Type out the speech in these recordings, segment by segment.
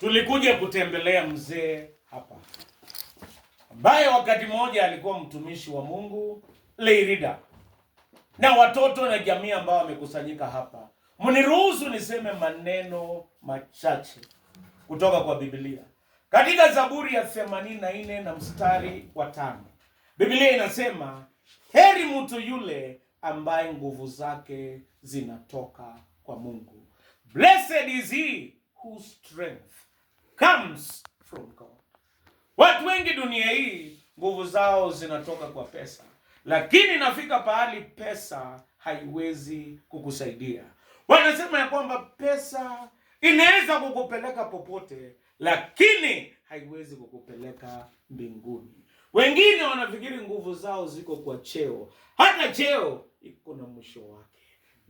Tulikuja kutembelea mzee hapa ambaye wakati mmoja alikuwa mtumishi wa Mungu Leirida, na watoto na jamii ambao wamekusanyika hapa, mniruhusu niseme maneno machache kutoka kwa Biblia katika Zaburi ya 84 na mstari wa tano. Biblia inasema heri mtu yule ambaye nguvu zake zinatoka kwa Mungu. Blessed is he whose strength comes from God. Watu wengi dunia hii nguvu zao zinatoka kwa pesa, lakini inafika pahali pesa haiwezi kukusaidia. Wanasema ya kwamba pesa inaweza kukupeleka popote, lakini haiwezi kukupeleka mbinguni. Wengine wanafikiri nguvu zao ziko kwa cheo, hata cheo iko na mwisho wake.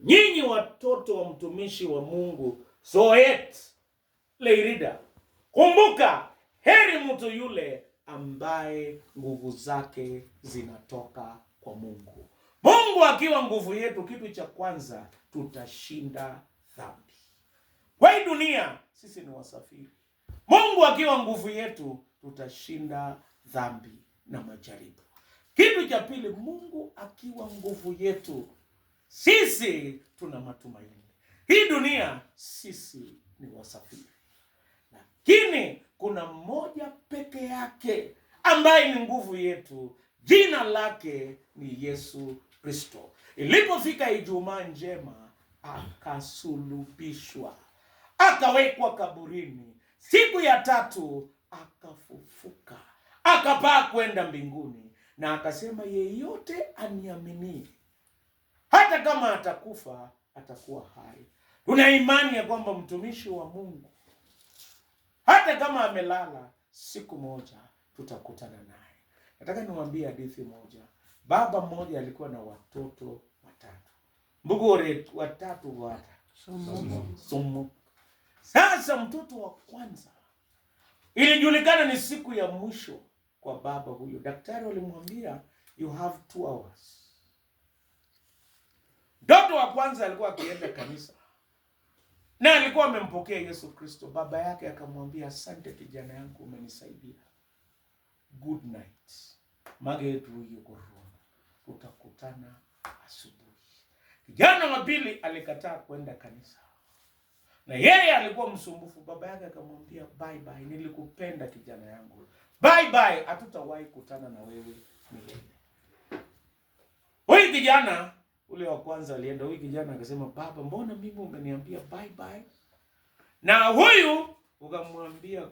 Nyinyi watoto wa mtumishi wa Mungu Zoet Leirida, kumbuka, heri mtu yule ambaye nguvu zake zinatoka kwa Mungu. Mungu akiwa nguvu yetu, kitu cha kwanza tutashinda dhambi. Kwa dunia sisi ni wasafiri. Mungu akiwa nguvu yetu, tutashinda dhambi na majaribu. Kitu cha pili, Mungu akiwa nguvu yetu sisi tuna matumaini. Hii dunia sisi ni wasafiri, lakini kuna mmoja peke yake ambaye ni nguvu yetu, jina lake ni Yesu Kristo. Ilipofika Ijumaa Njema, akasulubishwa, akawekwa kaburini, siku ya tatu akafufuka, akapaa kwenda mbinguni, na akasema yeyote aniaminie hata kama atakufa atakuwa hai. Tuna imani ya kwamba mtumishi wa Mungu hata kama amelala, siku moja tutakutana naye. Nataka niwaambie hadithi moja. Baba mmoja alikuwa na watoto watatu, ndugu watatu wata sumu. Sasa mtoto wa kwanza, ilijulikana ni siku ya mwisho kwa baba huyo. Daktari walimwambia you have two hours Mtoto wa kwanza alikuwa akienda kanisa na alikuwa amempokea Yesu Kristo. Baba yake akamwambia, asante kijana yangu, umenisaidia. Good night Roma, utakutana asubuhi. Kijana wa pili alikataa kwenda kanisa na yeye alikuwa msumbufu. Baba yake akamwambia, bye bye, nilikupenda kijana yangu, bye bye, hatutawahi kutana na wewe milele. Huyu kijana Ule wa kwanza alienda, huyu kijana akasema, baba, mbona mimi umeniambia bye bye, na huyu ukamwambia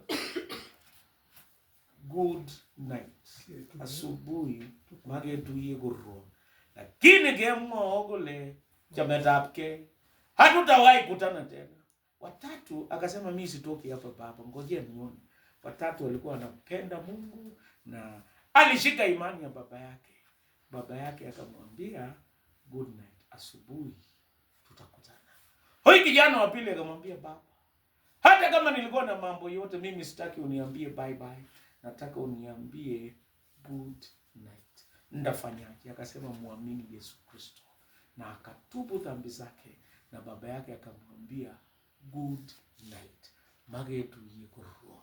good night asubuhi magetuie kurwo, lakini kemwao chametapke chametapkei hatutawahi kutana tena. Watatu akasema mimi sitoki hapa baba, ngojea nione. Watatu alikuwa anapenda Mungu na alishika imani ya baba yake. Baba yake akamwambia good night, asubuhi tutakutana. Huyu kijana wa pili akamwambia, baba, hata kama nilikuwa na mambo yote mimi sitaki uniambie bye bye, nataka uniambie good night, ndafanyaje? Akasema, muamini Yesu Kristo, na akatubu dhambi zake, na baba yake akamwambia good night magetu yekurua.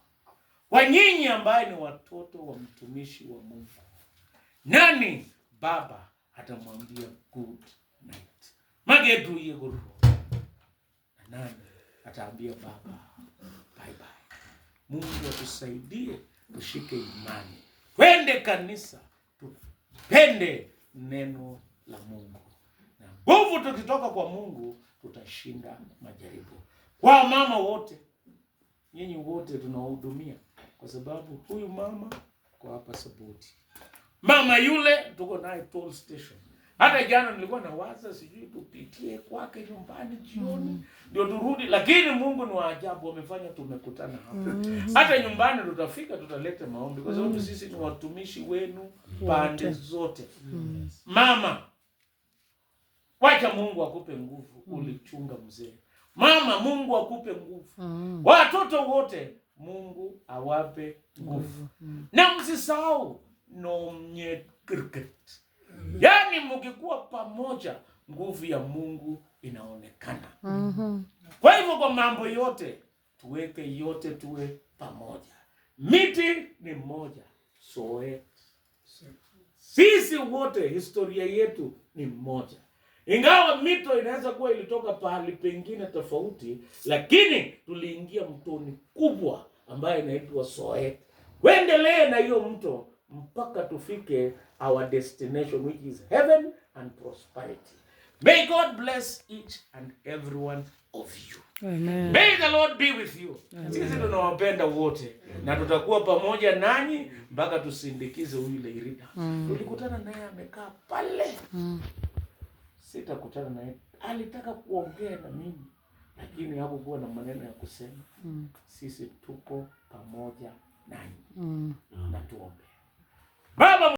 Kwa nyinyi ambaye ni watoto wa mtumishi wa Mungu, nani baba atamwambia good night, magedu ye na nani ataambia baba bye bye. Mungu atusaidie tushike imani, twende kanisa, tupende neno la Mungu na nguvu. Tukitoka kwa Mungu tutashinda majaribu. Kwa mama wote, nyinyi wote tunawahudumia, kwa sababu huyu mama kwa hapa sapoti mama yule tuko naye toll station. Hata jana nilikuwa nawaza sijui tupitie kwake nyumbani jioni mm. ndio mm. turudi, lakini Mungu ni wa ajabu, wamefanya tumekutana hapa mm. hata nyumbani tutafika, tutalete maombi kwa sababu mm. sisi ni watumishi wenu pande zote mm. Mama, wacha Mungu akupe nguvu mm. ulichunga mzee. Mama, Mungu akupe nguvu mm. watoto wote Mungu awape nguvu mm. na msisahau mnye cricket. yani mukikuwa pamoja nguvu ya Mungu inaonekana. Mhm. Kwa hivyo kwa mambo yote tuweke yote tuwe pamoja. Miti ni moja, soe. Sisi wote historia yetu ni moja. Ingawa mito inaweza kuwa ilitoka pahali pengine tofauti, lakini tuliingia mtoni kubwa ambaye inaitwa soe Kuendelee na hiyo mto mpaka tufike our destination which is heaven and prosperity. May God bless each and every one of you. Amen. May the Lord be with you. Amen. Sisi tunawapenda wote na tutakuwa pamoja nanyi mpaka tusindikize huyu Leirida. Mm. Tulikutana naye amekaa pale. Mm. Sitakutana naye. Alitaka kuongea na mimi lakini hakukuwa na maneno ya kusema. Mm. Sisi tuko pamoja nanyi. Mm. Na tuombe. Baba